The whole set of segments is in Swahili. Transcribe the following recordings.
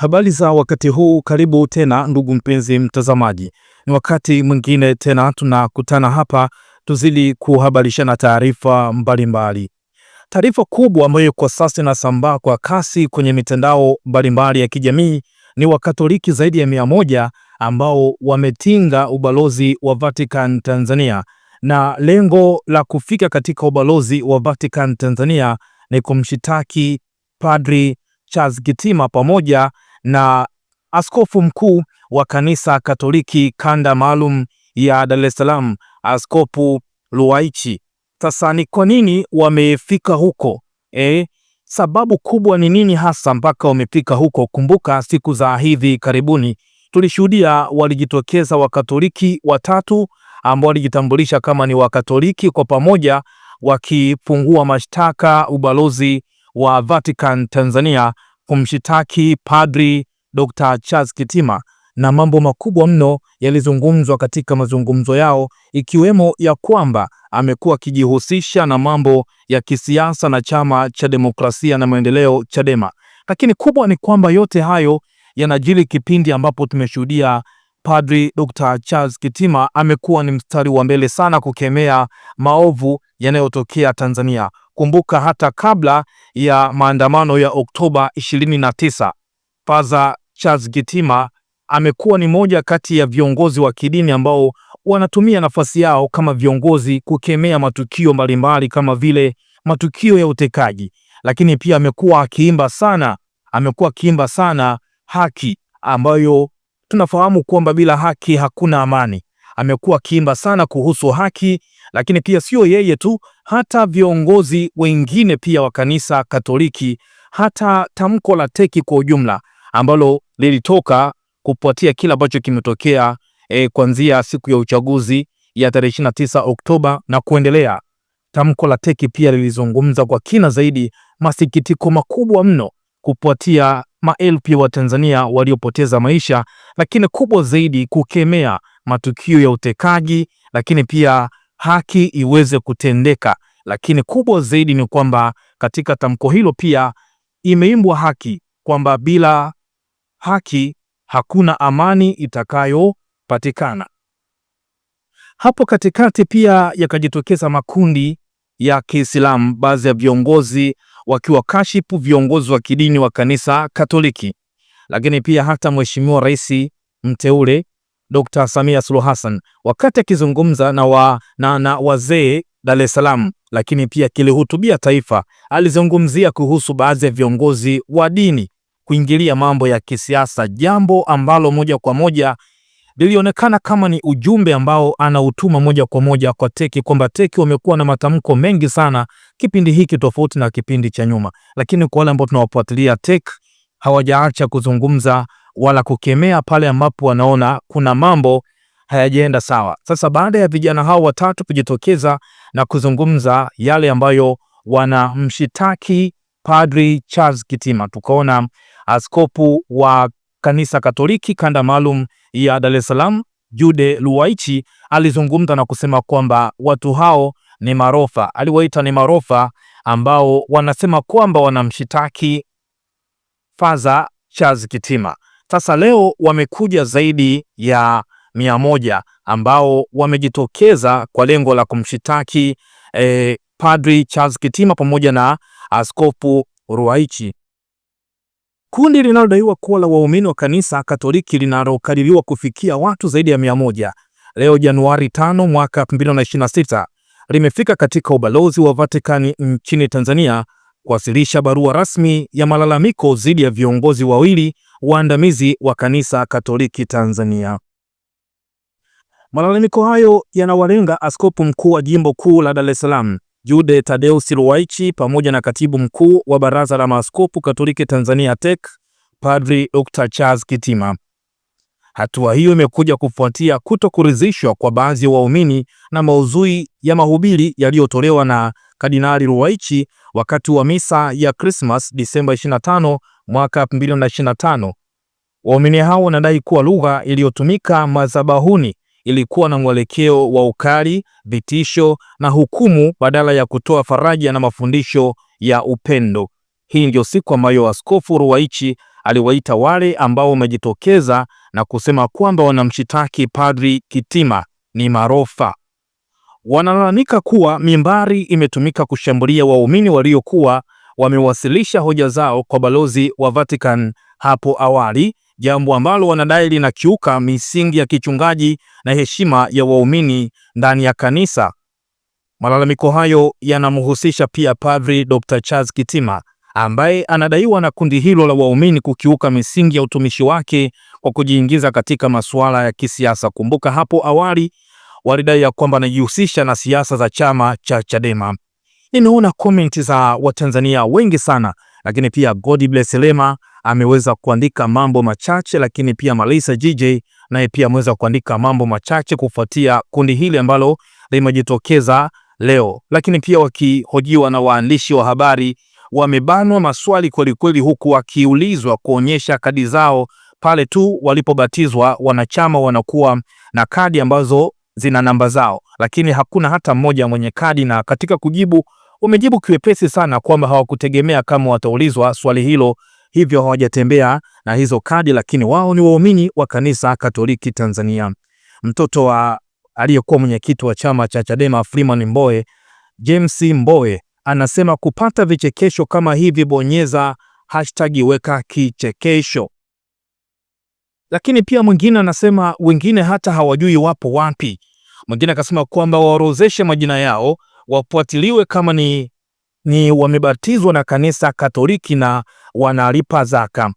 Habari za wakati huu, karibu tena ndugu mpenzi mtazamaji, ni wakati mwingine tena tunakutana hapa tuzidi kuhabarishana taarifa mbalimbali. Taarifa kubwa ambayo kwa sasa inasambaa kwa kasi kwenye mitandao mbalimbali ya kijamii ni Wakatoliki zaidi ya mia moja ambao wametinga ubalozi wa Vatican Tanzania, na lengo la kufika katika ubalozi wa Vatican Tanzania ni kumshitaki Padri Charles Kitima pamoja na askofu mkuu wa kanisa Katoliki kanda maalum ya Dar es Salaam, Askofu Ruwaichi. Sasa ni kwa nini wamefika huko e? Sababu kubwa ni nini hasa mpaka wamefika huko? Kumbuka siku za hivi karibuni tulishuhudia walijitokeza Wakatoliki watatu ambao walijitambulisha kama ni Wakatoliki kwa pamoja wakifungua mashtaka ubalozi wa Vatican Tanzania kumshitaki Padri Dr. Charles Kitima na mambo makubwa mno yalizungumzwa katika mazungumzo yao, ikiwemo ya kwamba amekuwa akijihusisha na mambo ya kisiasa na Chama cha Demokrasia na Maendeleo Chadema. Lakini kubwa ni kwamba yote hayo yanajiri kipindi ambapo tumeshuhudia Padri Dr. Charles Kitima amekuwa ni mstari wa mbele sana kukemea maovu yanayotokea Tanzania. Kumbuka hata kabla ya maandamano ya Oktoba 29, Padri Charles Kitima amekuwa ni moja kati ya viongozi wa kidini ambao wanatumia nafasi yao kama viongozi kukemea matukio mbalimbali kama vile matukio ya utekaji, lakini pia amekuwa akiimba sana, amekuwa akiimba sana haki ambayo tunafahamu kwamba bila haki hakuna amani. Amekuwa akiimba sana kuhusu haki, lakini pia sio yeye tu, hata viongozi wengine pia wa kanisa Katoliki, hata tamko la teki kwa ujumla ambalo lilitoka kufuatia kila ambacho kimetokea e, kuanzia siku ya uchaguzi ya tarehe 29 Oktoba na kuendelea. Tamko la teki pia lilizungumza kwa kina zaidi masikitiko makubwa mno kufuatia maelfu ya Watanzania waliopoteza maisha, lakini kubwa zaidi kukemea matukio ya utekaji, lakini pia haki iweze kutendeka lakini kubwa zaidi ni kwamba katika tamko hilo pia imeimbwa haki, kwamba bila haki hakuna amani itakayopatikana. Hapo katikati pia yakajitokeza makundi ya Kiislamu, baadhi ya viongozi wakiwakashifu viongozi wa kidini wa kanisa Katoliki, lakini pia hata Mheshimiwa Rais mteule Dr. Samia Suluhu Hassan wakati akizungumza na, wa, na, na wazee Dar es Salaam lakini pia kilihutubia taifa, alizungumzia kuhusu baadhi ya viongozi wa dini kuingilia mambo ya kisiasa, jambo ambalo moja kwa moja lilionekana kama ni ujumbe ambao anautuma moja kwa moja kwa teki kwamba teki wamekuwa na matamko mengi sana kipindi hiki tofauti na kipindi cha nyuma, lakini kwa wale ambao tunawafuatilia teki hawajaacha kuzungumza wala kukemea pale ambapo wanaona kuna mambo hayajaenda sawa. Sasa baada ya vijana hao watatu kujitokeza na kuzungumza yale ambayo wanamshitaki Padri Charles Kitima, tukaona askofu wa kanisa Katoliki kanda maalum ya Dar es Salaam Jude Luwaichi alizungumza na kusema kwamba watu hao ni marofa, aliwaita ni marofa ambao wanasema kwamba wanamshitaki Padri Charles Kitima. Sasa leo wamekuja zaidi ya mia moja ambao wamejitokeza kwa lengo la kumshitaki eh, Padri Charles Kitima pamoja na Askofu Ruwaichi. Kundi linalodaiwa kuwa la waumini wa kanisa Katoliki linalokadiriwa kufikia watu zaidi ya mia moja leo Januari 5 mwaka 2026 limefika katika ubalozi wa Vatikani nchini Tanzania kuwasilisha barua rasmi ya malalamiko dhidi ya viongozi wawili waandamizi wa kanisa Katoliki Tanzania. Malalamiko hayo yanawalenga askofu mkuu wa jimbo kuu la Dar es Salaam Jude Tadeus Ruwaichi pamoja na katibu mkuu wa Baraza la Maaskofu Katoliki Tanzania TEC Padri Dr. Charles Kitima. Hatua hiyo imekuja kufuatia kutokurizishwa kwa baadhi ya waumini na maudhui ya mahubiri yaliyotolewa na Kardinali Ruwaichi wakati wa misa ya Krismas Disemba 25 mwaka 2025. Waumini hao wanadai kuwa lugha iliyotumika madhabahuni ilikuwa na mwelekeo wa ukali, vitisho na hukumu badala ya kutoa faraja na mafundisho ya upendo. Hii ndio siku ambayo Askofu Ruwaichi aliwaita wale ambao wamejitokeza na kusema kwamba wanamshitaki Padri Kitima ni marofa. Wanalalamika kuwa mimbari imetumika kushambulia waumini waliokuwa wamewasilisha hoja zao kwa balozi wa Vatican hapo awali jambo ambalo wanadai linakiuka misingi ya kichungaji na heshima ya waumini ndani ya kanisa. Malalamiko hayo yanamhusisha pia Padri Dr. Charles Kitima ambaye anadaiwa na kundi hilo la waumini kukiuka misingi ya utumishi wake kwa kujiingiza katika masuala ya kisiasa. Kumbuka hapo awali walidai ya kwamba anajihusisha na siasa za chama cha Chadema. Nimeona komenti za Watanzania wengi sana, lakini pia God bless Lema ameweza kuandika mambo machache, lakini pia Malisa JJ naye pia ameweza kuandika mambo machache kufuatia kundi hili ambalo limejitokeza leo. Lakini pia wakihojiwa na waandishi wa habari wamebanwa maswali kwelikweli, huku wakiulizwa kuonyesha kadi zao pale tu walipobatizwa. Wanachama wanakuwa na kadi ambazo zina namba zao, lakini hakuna hata mmoja mwenye kadi, na katika kujibu wamejibu kiwepesi sana kwamba hawakutegemea kama wataulizwa swali hilo hivyo hawajatembea na hizo kadi, lakini wao ni waumini wa kanisa Katoliki Tanzania. Mtoto wa aliyekuwa mwenyekiti wa chama cha Chadema Freeman Mbowe, James Mbowe anasema kupata vichekesho kama hivi, bonyeza hashtag weka kichekesho. Lakini pia mwingine anasema wengine hata hawajui wapo wapi. Mwingine akasema kwamba waorozeshe majina yao, wafuatiliwe kama ni, ni wamebatizwa na kanisa Katoliki na wanalipa zaka.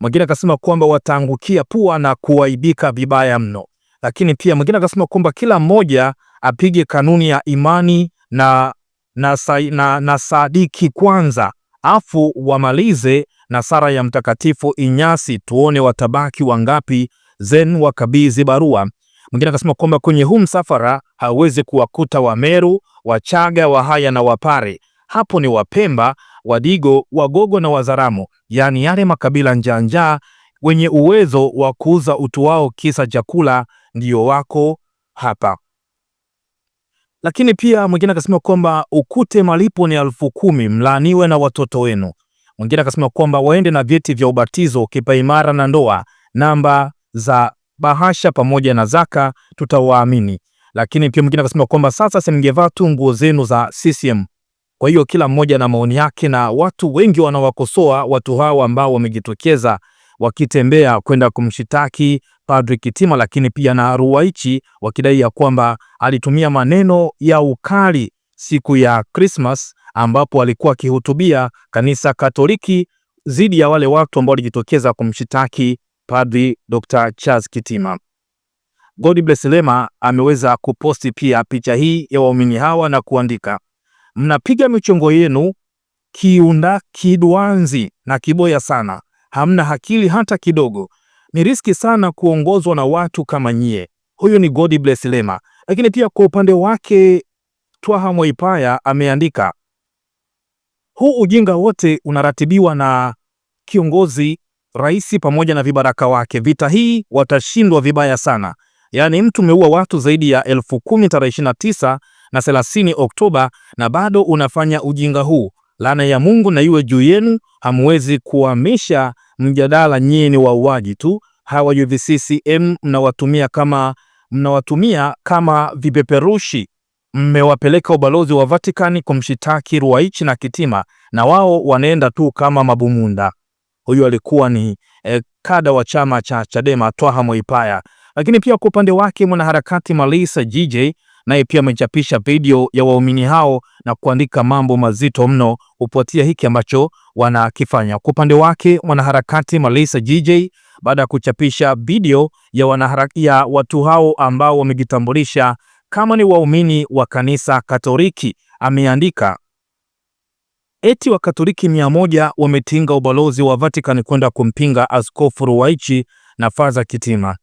Mwingine akasema kwamba wataangukia pua na kuaibika vibaya mno. Lakini pia mwingine akasema kwamba kila mmoja apige kanuni ya imani na, na, na, na sadiki kwanza, afu wamalize na sara ya Mtakatifu Inyasi, tuone watabaki wangapi, zen wakabidhi barua. Mwingine akasema kwamba kwenye huu msafara hawezi kuwakuta Wameru, Wachaga, Wahaya na Wapare, hapo ni Wapemba Wadigo, Wagogo na Wazaramo, yaani yale makabila njaa njaa wenye uwezo wa kuuza utu wao kisa chakula, ndio wako hapa. Lakini pia mwingine akasema kwamba ukute malipo ni elfu kumi, mlaaniwe na watoto wenu. Mwingine akasema kwamba waende na vyeti vya ubatizo, kipaimara na ndoa, namba za bahasha pamoja na zaka, tutawaamini. Lakini pia mwingine akasema kwamba sasa simngevaa tu nguo zenu za CCM kwa hiyo kila mmoja na maoni yake, na watu wengi wanawakosoa watu hao ambao wamejitokeza wakitembea kwenda kumshitaki Padri Kitima, lakini pia na Ruwaichi wakidai ya kwamba alitumia maneno ya ukali siku ya Krismas ambapo alikuwa akihutubia kanisa Katoliki dhidi ya wale watu ambao walijitokeza kumshitaki Padri Dr. Charles Kitima. God bless Lema ameweza kuposti pia picha hii ya waumini hawa na kuandika mnapiga michongo yenu kiunda kidwanzi na kiboya sana, hamna akili hata kidogo. Ni riski sana kuongozwa na watu kama nyie. Huyu ni God bless Lema. Lakini pia kwa upande wake Twaha Mwaipaya ameandika huu ujinga wote unaratibiwa na kiongozi rais pamoja na vibaraka wake. Vita hii watashindwa vibaya sana. Yaani mtu umeua watu zaidi ya elfu kumi tarehe na 30 Oktoba na bado unafanya ujinga huu, laana ya Mungu na iwe juu yenu. Hamwezi kuhamisha mjadala, nyinyi ni wauaji tu. Hawa UVCCM mnawatumia kama mnawatumia kama vipeperushi. Mmewapeleka ubalozi wa Vatican kumshitaki Ruwaichi na Kitima, na wao wanaenda tu kama mabumunda. Huyu alikuwa ni eh, kada wa chama cha Chadema Twaha Moipaya. Lakini pia kwa upande wake mwanaharakati Malisa JJ naye pia amechapisha video ya waumini hao na kuandika mambo mazito mno kupotia hiki ambacho wanakifanya. Kwa upande wake, mwanaharakati Malisa JJ baada ya kuchapisha video ya wanaharakati ya watu hao ambao wamejitambulisha kama ni waumini wa kanisa Katoliki, ameandika eti Wakatoliki mia moja wametinga ubalozi wa Vatican kwenda kumpinga Askofu Ruwaichi na Faza Kitima.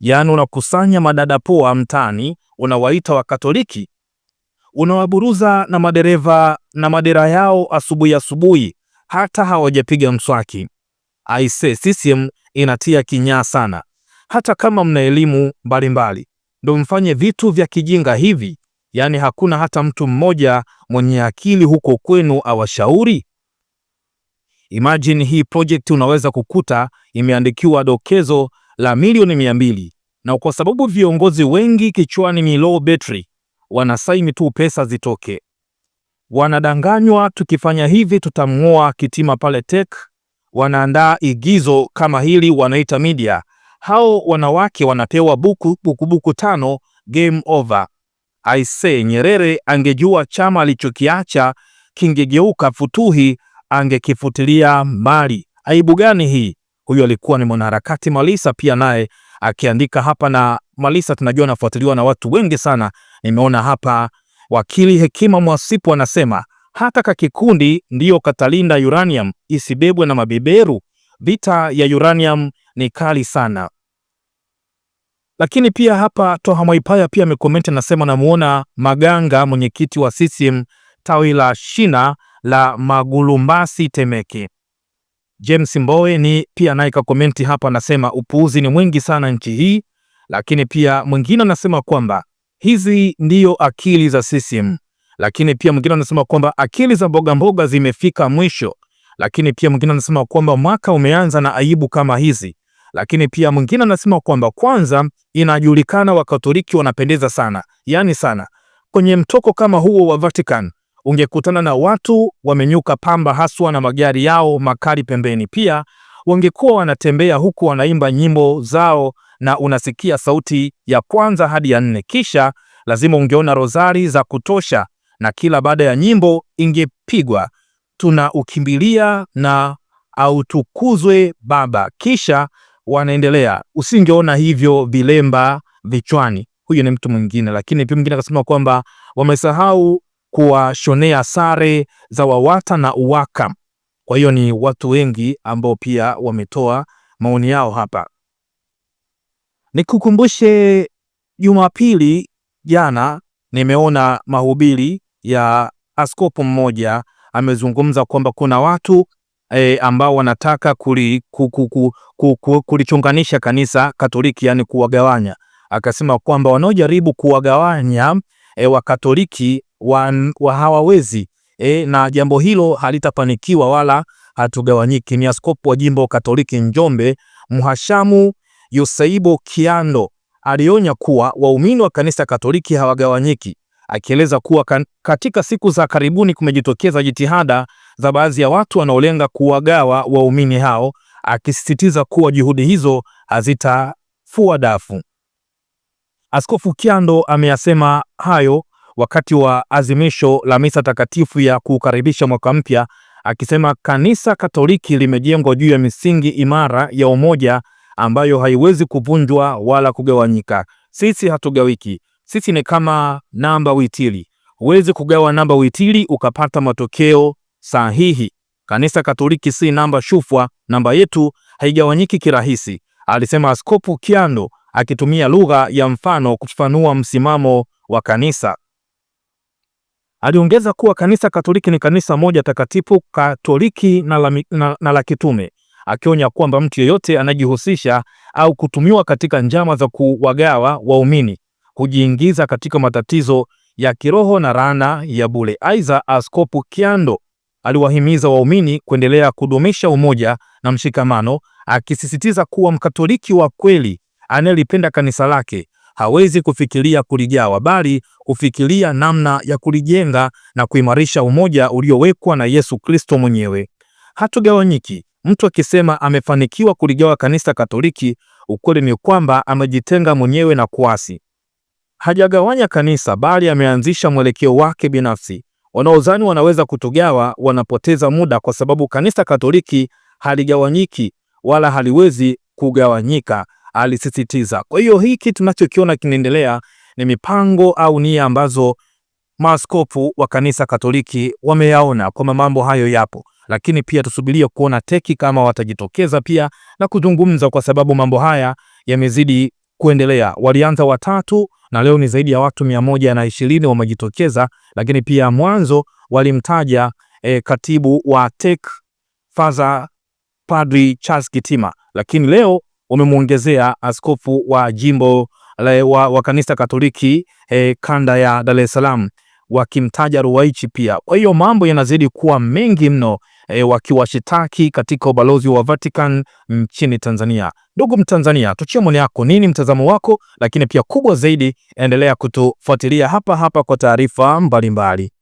Yaani unakusanya madada poa mtaani, unawaita Wakatoliki, unawaburuza na madereva na madera yao asubuhi asubuhi, hata hawajapiga mswaki. Aise, CCM inatia kinyaa sana. Hata kama mna elimu mbalimbali, ndo mfanye vitu vya kijinga hivi? Yaani hakuna hata mtu mmoja mwenye akili huko kwenu awashauri? Imagine hii project unaweza kukuta imeandikiwa dokezo la milioni mia mbili na kwa sababu viongozi wengi kichwani ni low battery, wanasaini tu pesa zitoke. Wanadanganywa, tukifanya hivi tutamng'oa Kitima pale tek. Wanaandaa igizo kama hili, wanaita media. Hao wanawake wanapewa buku buku buku tano, game over. Aise, Nyerere angejua chama alichokiacha kingegeuka Futuhi, angekifutilia mbali. Aibu gani hii? Huyu alikuwa ni mwanaharakati Malisa pia naye akiandika hapa, na Malisa tunajua anafuatiliwa na watu wengi sana. Nimeona hapa wakili Hekima Mwasipu anasema hata ka kikundi ndiyo katalinda uranium isibebwe na mabeberu. Vita ya uranium ni kali sana. Lakini pia hapa Toha Mwaipaya pia amekomenti anasema, namuona Maganga mwenyekiti wa CCM tawi la shina la Magulumbasi Temeke James Mbowe ni pia naye kakomenti hapa, anasema upuuzi ni mwingi sana nchi hii. Lakini pia mwingine anasema kwamba hizi ndiyo akili za CCM. Lakini pia mwingine anasema kwamba akili za mboga mboga zimefika mwisho. Lakini pia mwingine anasema kwamba mwaka umeanza na aibu kama hizi. Lakini pia mwingine anasema kwamba kwanza, inajulikana Wakatoliki wanapendeza sana, yani sana kwenye mtoko kama huo wa Vatican ungekutana na watu wamenyuka pamba haswa na magari yao makali pembeni. Pia wangekuwa wanatembea huku wanaimba nyimbo zao, na unasikia sauti ya kwanza hadi ya nne. Kisha lazima ungeona rozari za kutosha, na kila baada ya nyimbo ingepigwa tuna ukimbilia na autukuzwe Baba, kisha wanaendelea. Usingeona hivyo vilemba vichwani. Huyu ni mtu mwingine, lakini pia mwingine akasema kwamba wamesahau kuwashonea sare za Wawata na Uwaka. Kwa hiyo ni watu wengi ambao pia wametoa maoni yao hapa. Nikukumbushe, Jumapili jana nimeona mahubiri ya askofu mmoja amezungumza kwamba kuna watu e, ambao wanataka kulichunganisha kanisa Katoliki, yani kuwagawanya. Akasema kwamba wanaojaribu kuwagawanya e, Wakatoliki wa, wa hawawezi e, na jambo hilo halitafanikiwa wala hatugawanyiki. Ni askofu wa jimbo Katoliki Njombe Mhashamu Yusaibo Kiando alionya kuwa waumini wa kanisa Katoliki hawagawanyiki, akieleza kuwa katika siku za karibuni kumejitokeza jitihada za baadhi ya watu wanaolenga kuwagawa waumini hao, akisisitiza kuwa juhudi hizo hazitafua dafu. Askofu Kiando ameyasema hayo wakati wa azimisho la misa takatifu ya kuukaribisha mwaka mpya, akisema Kanisa Katoliki limejengwa juu ya misingi imara ya umoja ambayo haiwezi kuvunjwa wala kugawanyika. Sisi hatugawiki, sisi ni kama namba witili. Huwezi kugawa namba witili ukapata matokeo sahihi. Kanisa Katoliki si namba shufwa, namba yetu haigawanyiki kirahisi, alisema Askofu Kyando akitumia lugha ya mfano kufafanua msimamo wa kanisa. Aliongeza kuwa kanisa Katoliki ni kanisa moja takatifu, Katoliki na la, na, na la kitume, akionya kwamba mtu yeyote anajihusisha au kutumiwa katika njama za kuwagawa waumini hujiingiza katika matatizo ya kiroho na laana ya bure. Aidha, Askofu Kiando aliwahimiza waumini kuendelea kudumisha umoja na mshikamano, akisisitiza kuwa Mkatoliki wa kweli anayelipenda kanisa lake hawezi kufikiria kuligawa, bali kufikiria namna ya kulijenga na kuimarisha umoja uliowekwa na Yesu Kristo mwenyewe. Hatugawanyiki. Mtu akisema amefanikiwa kuligawa kanisa Katoliki, ukweli ni kwamba amejitenga mwenyewe na kuasi. Hajagawanya kanisa, bali ameanzisha mwelekeo wake binafsi. Wanaozani wanaweza kutugawa wanapoteza muda, kwa sababu kanisa Katoliki haligawanyiki wala haliwezi kugawanyika alisisitiza. Kwa hiyo hiki tunachokiona kinaendelea ni mipango au nia ambazo maaskofu wa kanisa Katoliki wameyaona kwamba mambo hayo yapo, lakini pia tusubirie kuona teki kama watajitokeza pia na kuzungumza, kwa sababu mambo haya yamezidi kuendelea. Walianza watatu na leo ni zaidi ya watu mia moja na ishirini wamejitokeza, lakini pia mwanzo walimtaja e, katibu wa Father Padri Charles Kitima, lakini leo wamemwongezea askofu wa jimbo la, wa, wa kanisa Katoliki e, kanda ya Dar es Salaam wakimtaja Ruwaichi pia. Kwa hiyo mambo yanazidi kuwa mengi mno e, wakiwashitaki katika ubalozi wa Vatican nchini Tanzania. Ndugu Mtanzania, tuchie maoni yako, nini mtazamo wako? Lakini pia kubwa zaidi, endelea kutufuatilia hapa hapa kwa taarifa mbalimbali.